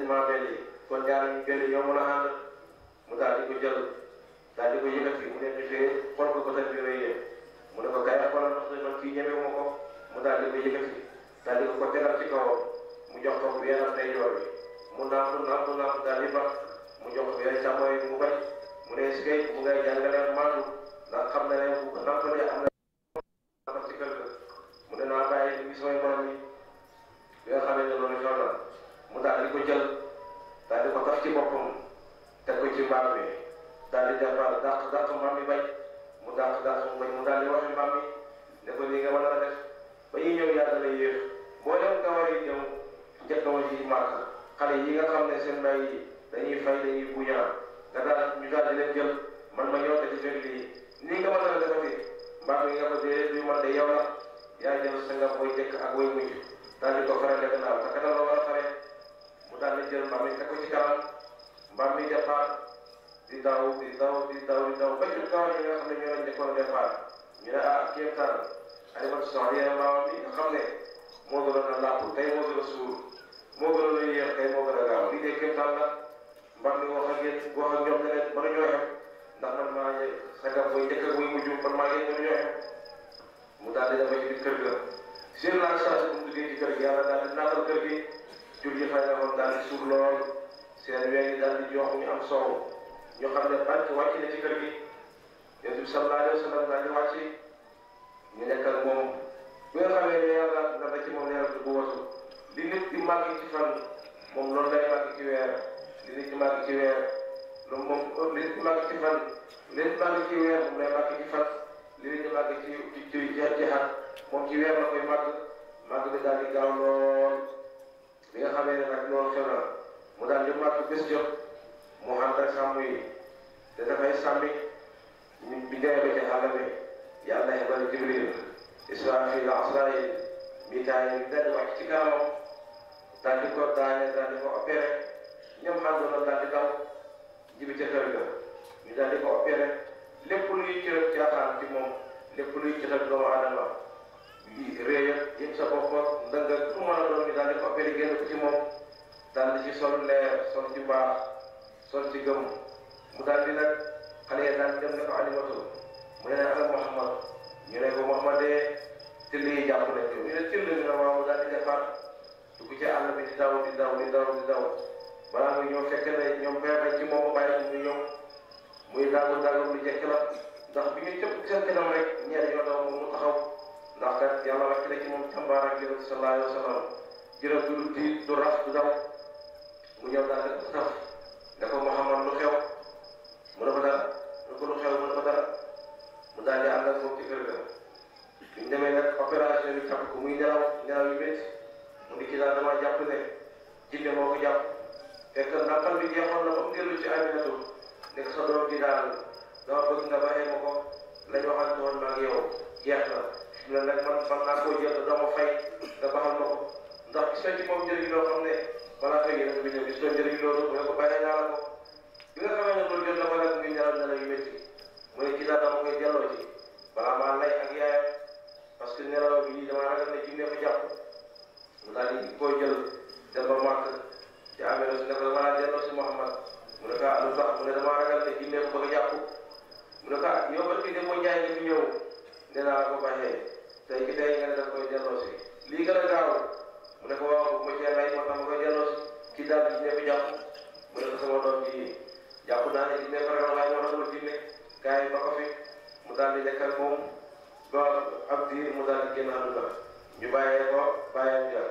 sëñ Mamel yi kon ñaar ñu benn ñoo mën a ànd mu daal di ko jël daal di ko yëkkati mu ne ñu fee xool ko ko sëñ bi rëy mu ne ko gars yi xoolal ma man kii ñeme moo ko mu daal di ko yëkkati daal di ko ko tegal ci kawam mu jox ko weer ak ay yoon mu naatu naatu naatu daal di baax mu jox ko weer càmmooy mu bañ mu ne si kay mu ngay jàngalee maatu ndax xam na ne bu ko nampalee am na ci kër mu ne naa bàyyi li muy daal di ko taf ci boppam teg ko ci mbaam mi daal di jàppal dàq dàq mbaam mi mu dàq dàq mu bañ mu daal di wax ne ko lii nga war a def ba ñuy ñëw yàlla lay yéex boo dem gawar yi ñëw njëkkaw ji màgg xale yi nga xam ne seen mbay yi dañuy fay dañuy buñaa nga daal ñu daal di leen man ma ñëw te ci seen lii nii nga mën a defati la yaa jël sa nga booy jëkk ak booy mujj daal ko farale gannaaw te kanam la war a faree daan na jël mbaam mi teg ko ci mi départ di di daw di daw di daw ba ñu gaaw ñi nga ne ñoo leen njëkkoon ne ah kéem taan animation yeneen mbaam mi nga xam ne moo gënoon a làpp tey moo gën a suur moo gënoon a yéex tey moo gën a gaaw mi wax ak yéen wax ak ñoom ne leen mën a ñoo xam ndax man maa ngi sagam muy njëkk ak muy mujj man maa ngi mën a ñoo xam di dafay ci kër ga mu duggee ci kër gi yàlla daal di naatal kër gi julli fajar moom daal di suur lool seen wéy yi di jox ñu am soow ñu xam ne barke wàcc na ci kër gi yonent sallallahu alayhi wa sallam di wàcc ñu nekkal moom bi nga xamee ne yàlla dafa ci moom leeral du ko wasu li nit di màgg ci fan moom loolu lay màgg ci weer li nit di màgg ci weer moom li nit di màgg ci fan li nit màgg ci weer moom lay màgg ci fan li nit di màgg ci ci ci jeex moom ci weer la koy màgg màgg bi di gaaw lool bi nga xamee ne nag loolu xew na mu daal di màtt bés jot mu ànd ak sàmm yi te dafay sàmmi ñun bi ngay ba ci xàll bi yàlla xebal Jibril Israafil Asraayil Mikaayil daal di wàcc ci gaawam daal di ko daane daal di ko opéré ñoom àndoon daal di daw jibi ca kër ga ñu daal di ko opéré lépp luy cëram caaxaan ci moom lépp luy cëram doomu aadama di réer jëm sa bopp ndëngal fu mën a doon ñu daal di opéré génn ko ci moom daal di ci sol leer sol ci baax sol ci gëm mu daal di nag xale yi daal dem ne ko alimatu mu ne naan ak Mouhamad ñu ne ko Mouhamadee till yi jàpp nañ ko ñu ne ne waaw daal di defar dugg ci àll bi di daw di daw di daw di daw balaa muy ñëw fekk na ñoom feebar ci moom bàyyi ñu ñëw muy daagu daagu lu jekk la ndax bi ñu cëpp seen kanam rek taxaw. ndax kat yàlla wàcc na ci moom jàmbaar ak yonent sallallahu alayhi wa sallam jërëjëf du du tiit du raf du dal mu ñëw daal di ko taf ne ko Muhammad lu xew mu ne ko dara ne ko lu xew mu ne ko mu daal di ànd ak ci kër ga bi ñu demee nag opération bi fàq ko muy nelaw nelaw yu métti mu ngi ci daal dama jàpp ne jinne moo ko jàpp fekk ndànkal bi jeexoon na ba mu dellu ci Aminatu seeti moom njëriñ loo xam ne balaa fekkee dafa ñëw gis nga njëriñ loolu mu ne ko bàyyi naa la mutali ni dekal mom do ak dir mutali dal gëna lu ba ñu baye ko baye ñu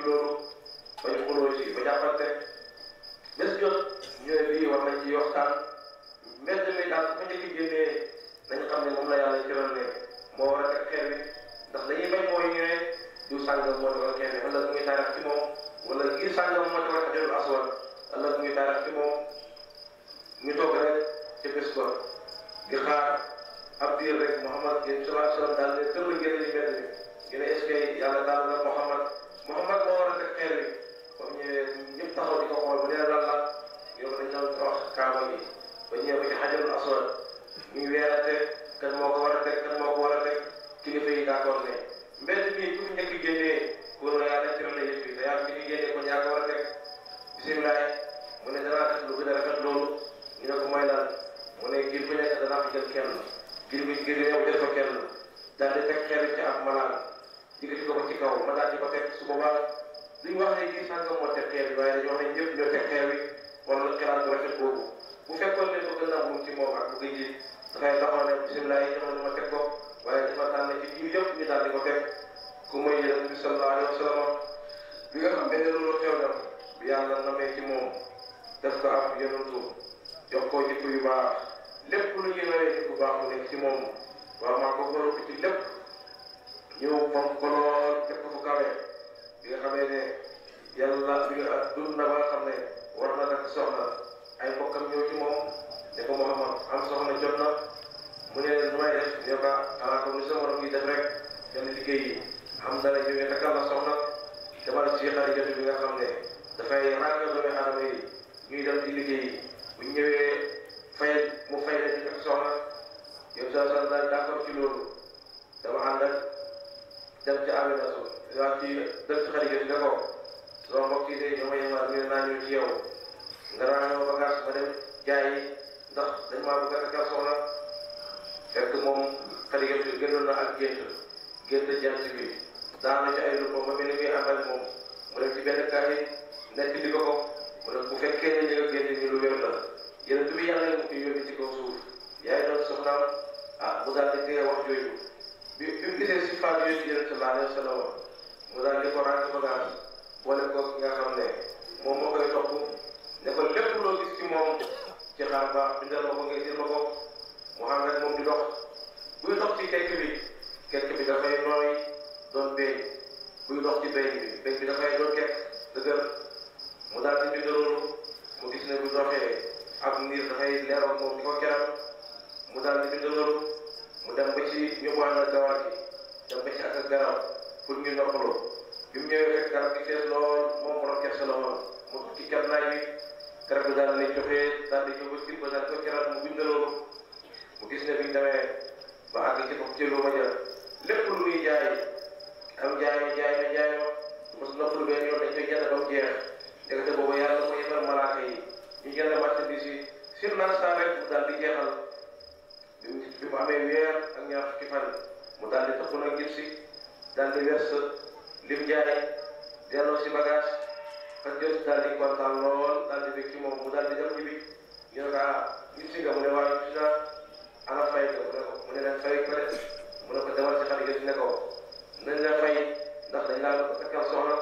ci loolu ba ñu xuloo ci ba jàppante bés jot ñu ne lii war nañ ci waxtaan sàngam moo teg xeer bi waaye dañoo xam ne ñëpp ñoo teg xeer bi wala xiraan bu rafet boobu bu fekkoon ne bëgg naa moom ci moom ak bëgg ji dafay taxaw ne bisimilah yi ma teg ko waaye dafa tànn ci jiw yëpp ñu daal di ko teg ku muy yéen bi sallallahu alayhi wa sallam bi nga xam ne loolu xew na bi yàlla namee ci moom def ko ab yonantu jox ko jikko yu baax lépp lu ñu nawee jikko baax mu nekk ci moom waaw maa ko góor ko ci lépp ñëw fonk ko lool def ko fu kawe bi nga xamee ne yàlla dund na ba nga xam ne war na takk soxna ay bokkam ñëw ci moom ne ko Muhammad am soxna jot na mu ne leen lu may def ñu ba xanaa comme ni sama morom yi def rek dem liggéey yi am dara ñu ne takkal la soxna demal ci xarit bi nga xam ne dafay ràññoo doomi aadama yi ñuy dem ci liggéey yi bu ñëwee fay mu fay leen ñu takk soxna yow saa saa daal d'accord ci loolu dama ànd ak dem ci àll ba suuf ci dem ci xarit bi nga ko. loolu mbokk yi ñu ma yëngal ngir naa ñëw ci nga daan ñëw bagage ba dem jaayi ndax dañ maa bëgg a takkal soxna fekk moom xarit yi gënoon na ak gént gént jant bi daan na ci ay lupp ba ni muy ànd moom mu dem ci benn nekk di ko ko mu ne bu ne li nga génn lu wér la yéen bi yàlla yëngu fi yóbbu ci kaw suuf yaay doon soxnaam ah mu daal di tëye wax jooju bi bi mu si fànn yooyu yële ci laajal sa mu daal di ko ràññee wane ko ki nga xam ne moom moo koy topp ne ko lépp loo gis ci moom ci xaar baax bindal ma ko ngay jël ma ko mu xam rek moom di dox buy ci kekk bi kekk bi dafay nooy doon béy buy ci béy bi béy bi dafay doon kekk mu daal di bind loolu mu gis ne bu doxee ak niir di ko keral mu daal di bind loolu mu dem ba ci ñu boole dawaat yi dem bi mu ñëwee fekk garab gi seen lool moom borom kersa la woon mu ci kat naaj bi garab gi daal lay joxe daal di ñëw ba kii ko keral mu bindaloo mu gis ne bi ñu demee ba àgg ci bopp jëloo ma jël lépp lu muy jaay am jaay ma jaay ma jaay ma mos noppalu benn yoon dañ koy jënd ba mu jeex ndekete boobu yàlla ko yebal malaaka yi ñu jënd marchandise yi sur l'instant rek mu daal di jeexal bi mu amee weer ak ñaar fukki fan mu daal di si daal di lim jaay delloo si bagas ka dari kuantalon ya, gitu. di kontaan lool daal di bég ci moom mu daal di dem ci bi ñu ne ko ah nit si nga mu ne waaye ci na ana fay ko mu ne ko mu ne leen mudah ko def mu ne ko demal ci xarit gi ne ko nañ la fay ndax dañ laa ko takkal soxna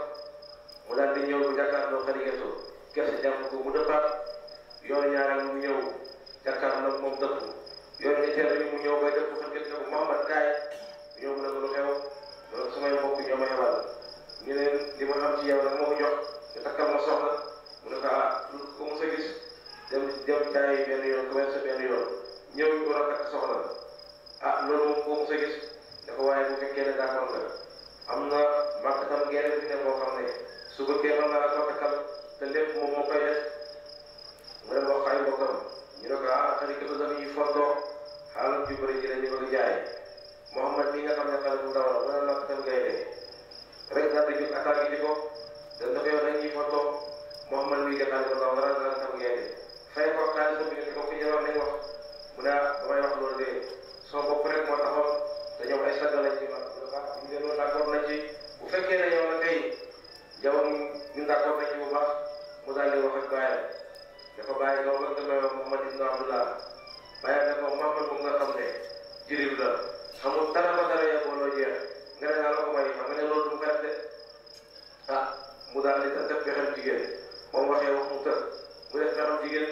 mu daal di ñëw bu jàkkaarloo xarit gi so kese jàpp ko mu dëppaat yoon ñaaral mu ñëw jàkkaarloo moom dëpp yoon ñetteel bi mu ñëw bay dëpp xarit gi ne ko Mouhamad kaay ñëw mu ne ko lu ni leen li ma xam ci yow nag moo ko jox te takkal ma soxna mu ne ko ah ku mu sa gis benn yoon commerce benn yoon ñëw ñu war a takk soxna ah loolu moom ku mu sa gis dafa waaye bu fekkee ne d'accord am na màkkatam geneen bi ne moo xam ne su bëggee mën naa la ko takkal te lépp moom moo koy mu ne wax ay bokkam ñu ne ko ah xarit ko dafa ñuy fondoo xaaral ju bëri ji jaay Mouhamad mi nga xam ne xale bu ndaw la mu ne màkkatam président bi attaque yi di ko dana ko yow dañuy photo Mouhamad mi jël naa ko taw dara dara sam ngeen fay ko xaalis bi ne ko fi yaroon nañ wax mu ne damay wax loolu de soo bopp rek moo taxoon te ñoom ay sàgg lañ ci ma ñu ne loolu d'accord na ci bu fekkee ne yow la tey jawam ñu d'accord nañ ci bu ibn Abdullah nga ne la ko ma nga loolu du mu de ah mu daal di def pexem jigéen moom waxee mu tër mu def pexem jigéen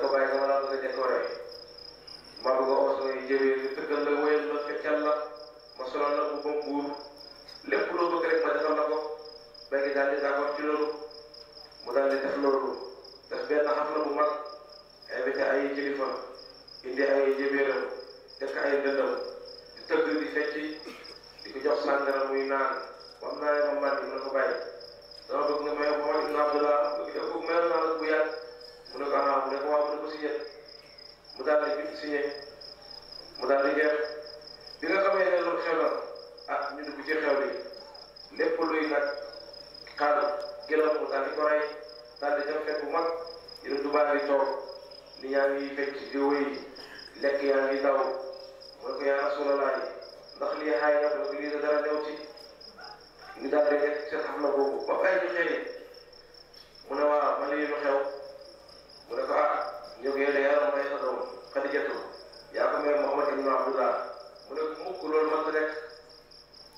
ko bàyyi nga ma laa bëgg a décorer maa bëgg a oo samay jëwee lu tëggal la wéyal la feccal la ma solal la yaa ko may Muhammad ibn Abdullah mu ne mukk loolu man ta nekk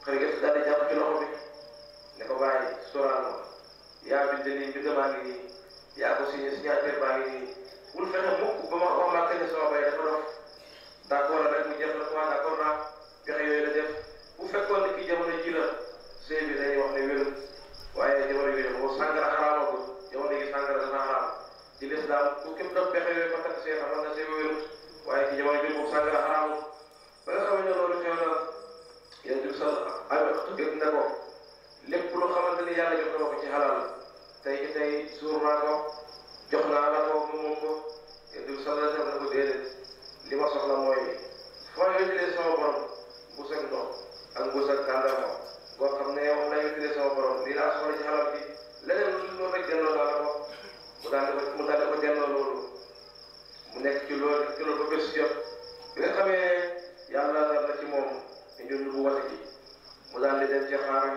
xëy nga daal di jàpp ci loxo bi ne ko bàyyi sóoraal ma yaa bind nii bind maa ngi nii yaa ko signé signature baa ngi nii bul fexe mukk ba ma wax maa kañ sama bay dafa dof d'accord rek mu jeex na quoi d'accord naa pexe yooyu la def bu fekkoon ne kii jamono ji la sëy bi dañuy wax ne wérul waaye jamono yooyu dafa ko sàngara xaraama ko jamono yi sàngara dana xaraam ci lislaam ku képp doon pexe yooyu ba takk sëy xamal na sëy ba wérul waaye ci jamono ji moom sàngara xaraamu ba nga xamante ne loolu na yéen bi sax ay gëm na ko lépp lu xamante ni yàlla jox na ko ci xalaal tey ci tey suur ko jox naa la ko mu moom ko yéen bi sax def na ko déedéet li ma soxla mooy foo yónnee sama borom bu sëg ndox ak bu sëg tàndama boo xam ne wax naa yónnee sama borom lii laa soxla ci xalaal bi leneen lu dul noonu rek delloo naa la ko mu nekk ci loolu ba bés jot bi nga xamee yàlla dal moom te ñun bu wate mu daal di dem ca xaara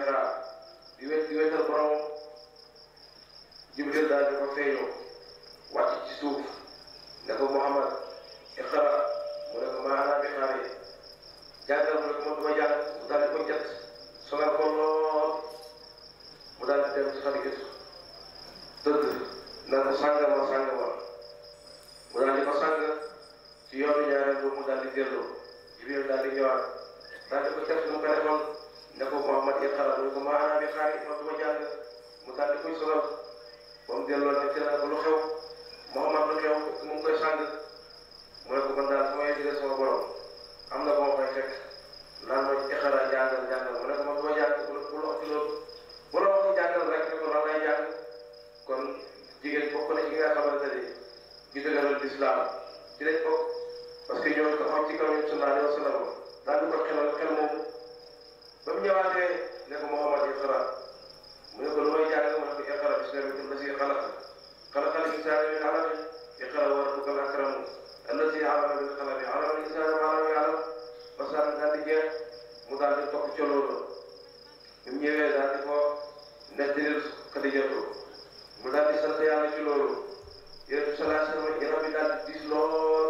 Hira di di wetal borom Jibril daal di ko feeñoo wàcc ci suuf ne ko Muhammad ba mu ñëwaatee ne ko Mouhamad iqra mu ne ko lu may jàng mu ne ko iqra bismi rabbika alladi xalaq xalaqa al insana min alaq iqra wa rabbuka al akram alladi allama bil qalam allama al insana ma lam ya'lam basaan daal di jeex mu daal di topp ca loolu bi mu ñëwee daal di ko nettali Xadijatu mu daal di sant yàlla ci loolu yéen su salaat sama yaram bi daal di dis lool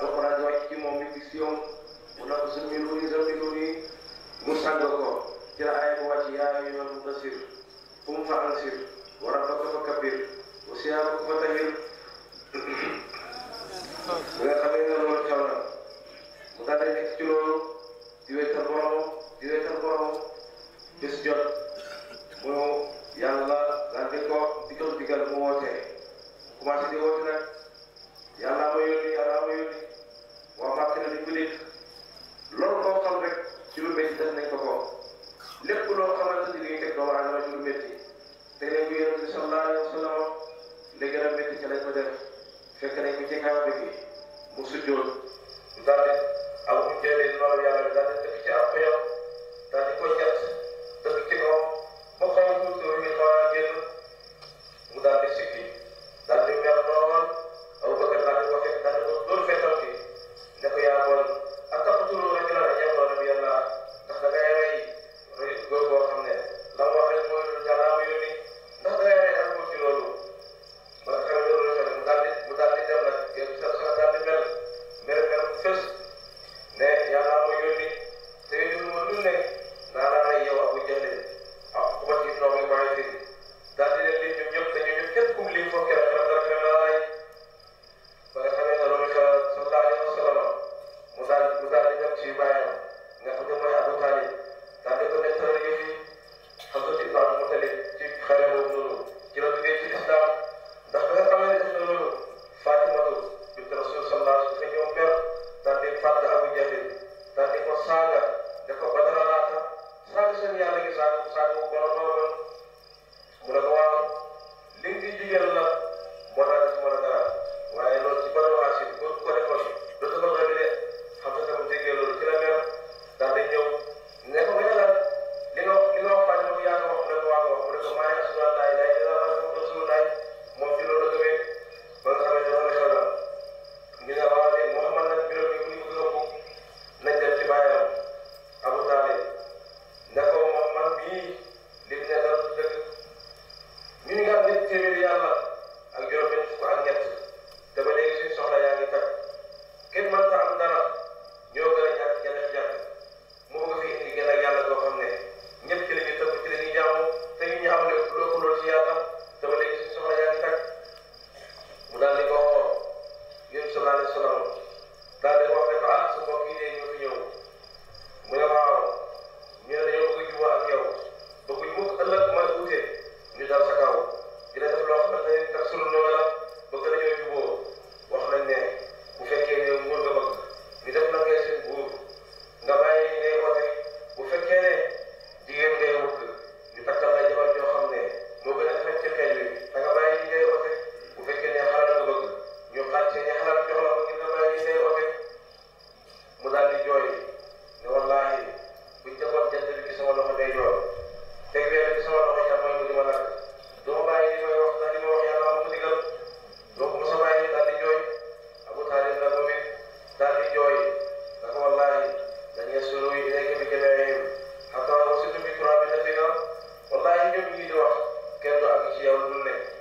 alxuraan wàcc ci moom mi gis yoon mu ne ko sëñ bi sàngal ko ci la ay bu wàcc yaa ayyuhal mudassir fa ansir wa rabbaka fakabbir wa siyaamaka fatahhir bi nga xamee ne loolu xew na mu daal di nekk ci loolu di wéetal boromam di wéetal boromam bés jot mu yàlla daal di ko digal digal mu woote commencé di woote nag yàlla ma yónni yàlla ma yónni waa màkk di ko dégg loolu xam rek ci lu métti def nañ ko ko lépp loo xamante ni bii teg doomu aadama ci lu métti te léegi bu yonent bi sallallahu alayhi a métti ci lañ ko def fekk nañ ko ci kaaba bi mu sujjoon dara fiel no momento.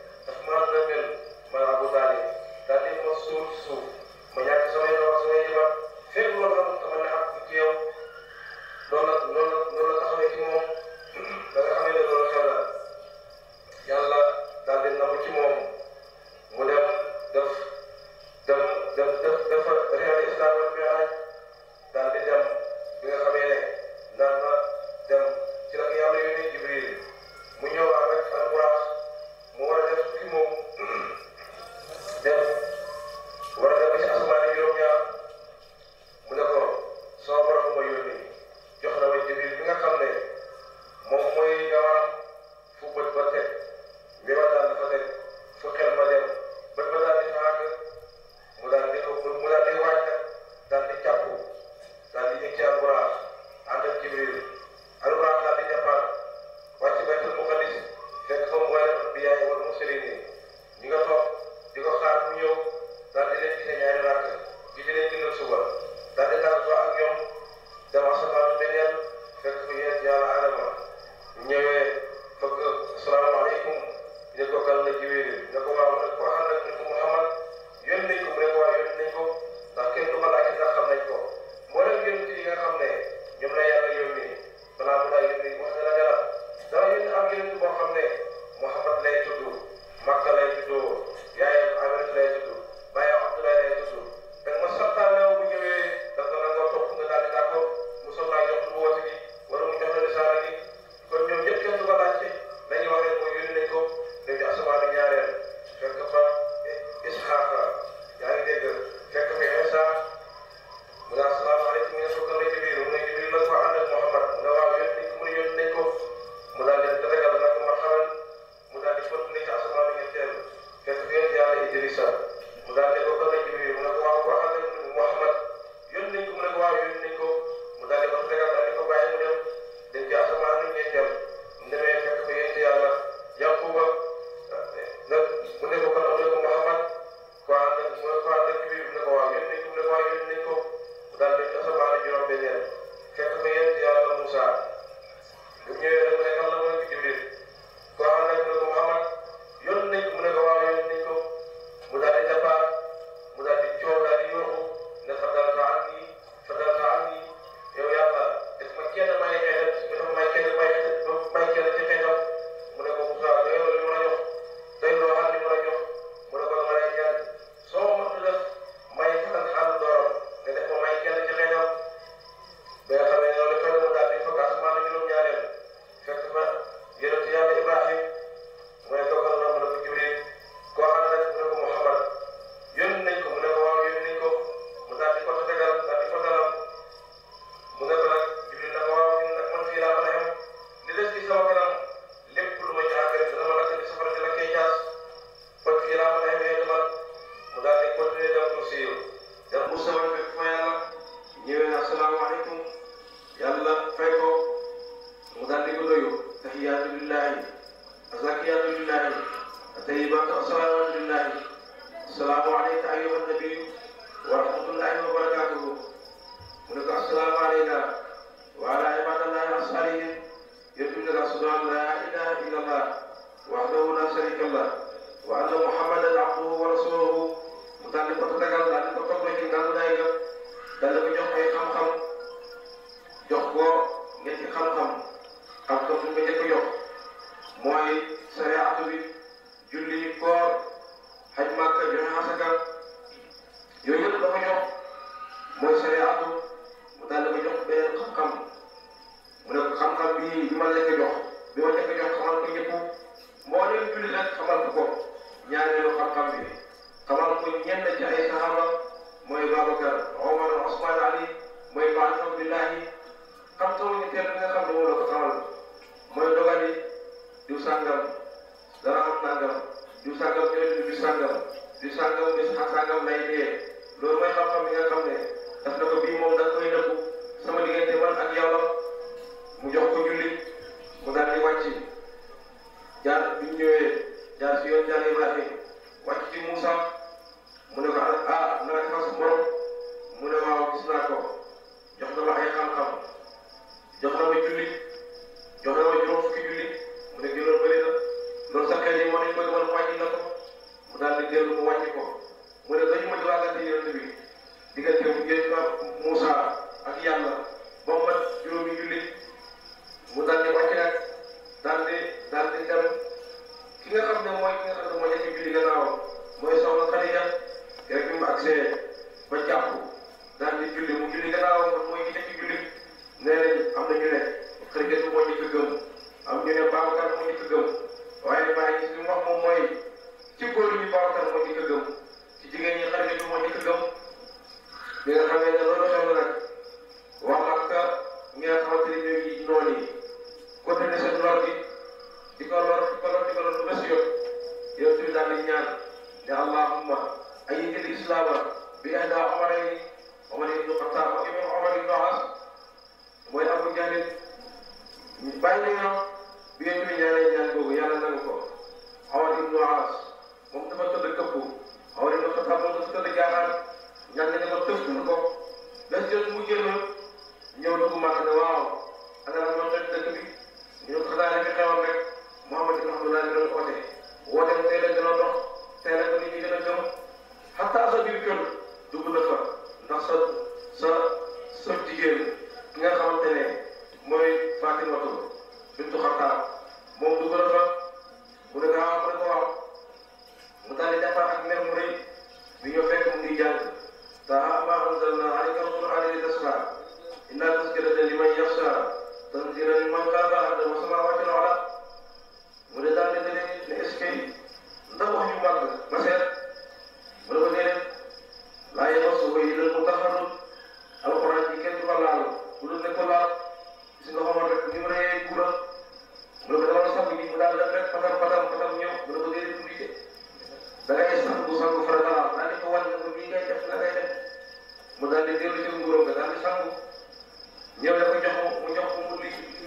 जी sir खुदा के Moussa ak yàlla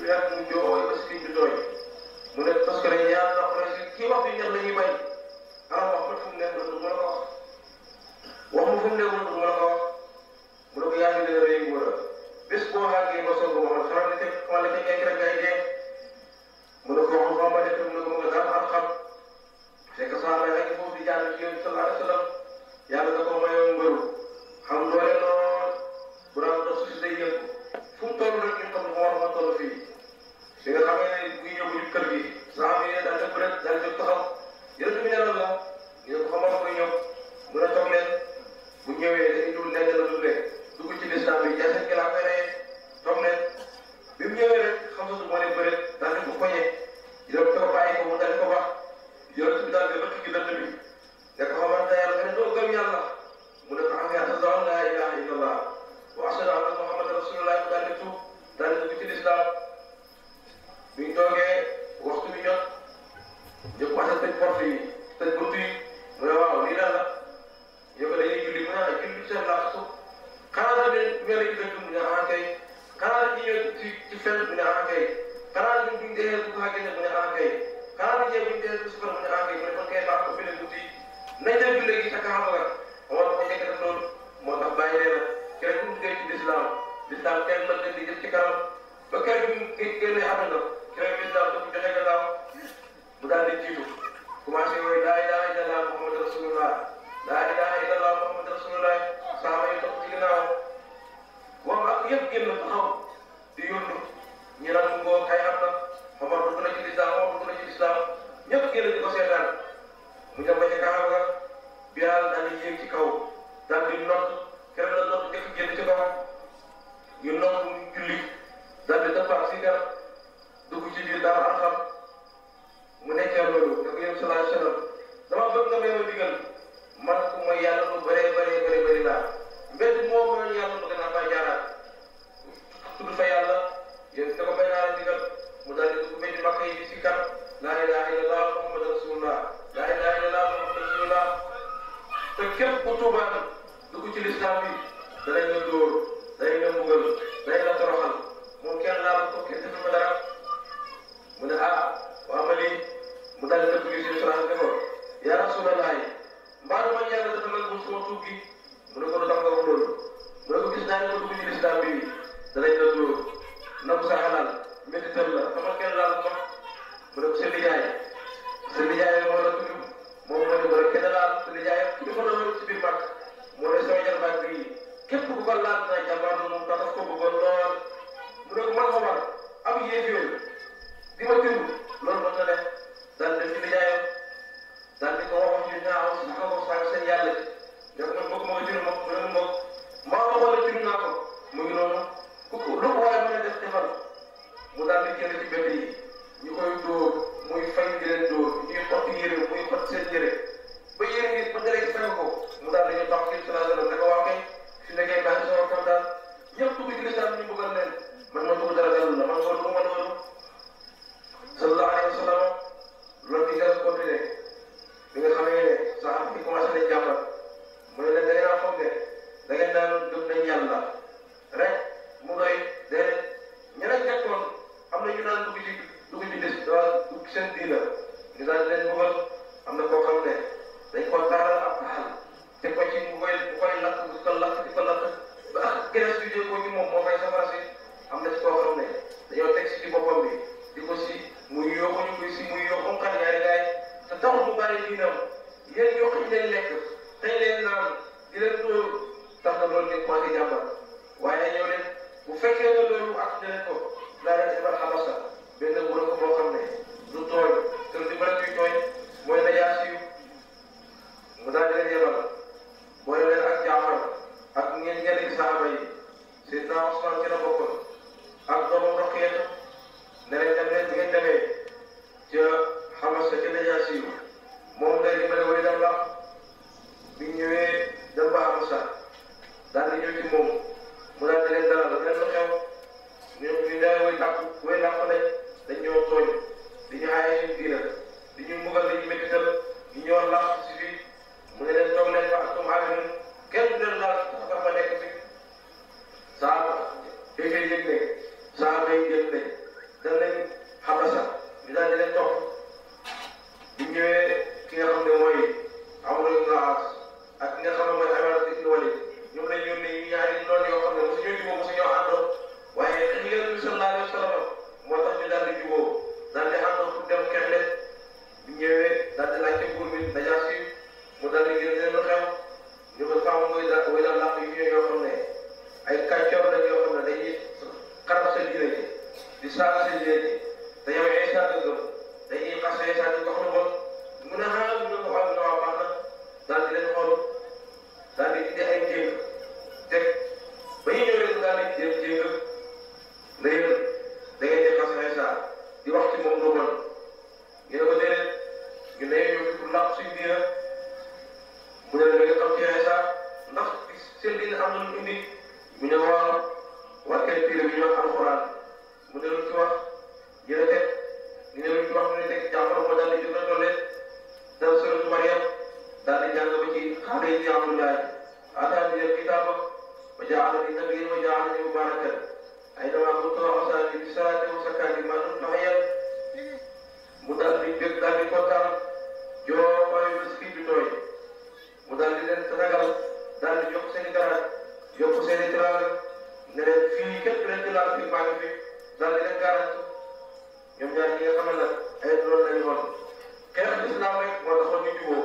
weer mu jooy ba si bi mu ne parce que dañuy ñaan si kii wax bi ñax la ñuy a alors wax ma fu mu nekk ko wax mu nekk du ma ko mu ne ko yaa ngi dina mu la bés boo xàggee ba soog a waxal xamal ne teg xamal ne teg ay rek mu ne ko waxul xam ma nekk mu ne mu nga daan am xam fekk saa rek foofu di jàng ci yoon sallallahu alayhi wa sallam sehingga kami punya menyukar di selama ini dan seberat dan setahun jadi tu punya lah itu kamar punya mula tahu punya itu dah dah dulu deh tu kecil Islam ini jasa kelapa ni tahu ni bimbingan kami tu mana berat biñ toogee waxtu bi jot ñu commencé tëj porte yi tëj bunt yi mu ne waaw lii daal la yow dañuy julli mu ne ah julli seen laa su xanaa ne weer yi dëkk mu ne ah kay xanaa ne ñëw ci ci fenn mu ne ah kay xanaa ne buñ dee su ko xàggee mu ne ah kay xanaa ne buñ dee su ko mu ne ah kay mu ne kon kay baax ko beneen bunt yi nañ dem julli gi sa kaxam la moo tax ma njëkk def loolu moo tax bàyyi leen kenn ku duggee ci lislaam lislaam kenn mën na di jëf ci kanam ba kenn ku génnee àdduna jërëjëf daal bu joxe gannaaw bu daal di jiitu commencé mooy laa ilaaha illallah Muhammadu rasulullah laa ilaaha illallah Muhammadu rasulullah saaba yi topp ci gannaaw moom ak yëpp génn taxaw di yónnu ñu naan ngoo kay am na Omar dugg na ci lislaam Omar dugg na ci lislaam ñëpp génn di ko seetaan mu dem ba ca Kaaba ga Bilaal daal di yéeg ci kaw daal di not kenn la not jëkk génn ci kaw ñu not julli daal di si garab do we did diinam ngeen yokk ñu leen lekk tey leen naan di leen dóor tax na loolu nit maa ngi jàmbat waaye ñëw leen bu fekkee ne loolu ak leen ko daa leen ibal xabasa benn bu ko boo xam ne du tooy te li mën a kuy tooy mooy na yaa siiw mu daal di leen yebal boole leen ak jaafar ak ngeen ngeen di saaba yi Seydina Usmaan ci la bokkoon ak doomam Roqeeta ne leen dem leen bi ngeen demee ca xabasa ca na yaa siiw moom day dimbale way dam baax bi ñëwee dem baax Moussa di ñëw ci moom mu daal di leen dalal la mel lu xew ñu ñu day way dàpp way dàpp lañ dañ ñoo tooñ di ñu xaayee suñu diina di ñu mbugal di ñu méttital di ñoo lax mu ne leen toog leen wax ak comme amin saa dafay yëg ne saa may yëg ne dañ leen xabasa di leen toog que é jàng ba ci mu ne ci Abdoulaye ataani al kitaaba wa ja'alani nabiyyan wa ja'alani mubarakan aynamaa kuntu usali bi salaati wa zakaati ma dumtu hayyan mu dal di bég dal di kontaan joo mooy bés fii di tooy mu dal di leen ragal dal di yokk seen i garab yokk seen i tiraanga ne leen fii képp leen di laal fii maa ngi fi dal di leen garanti ñoom ñaar ñi nga xamal la ay loolu lañu woon xeex islam rek moo taxoon ñu juboo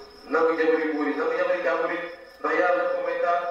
nangu jabari buur yi nangu jabari jàmbur yi ndax yàlla ko may taal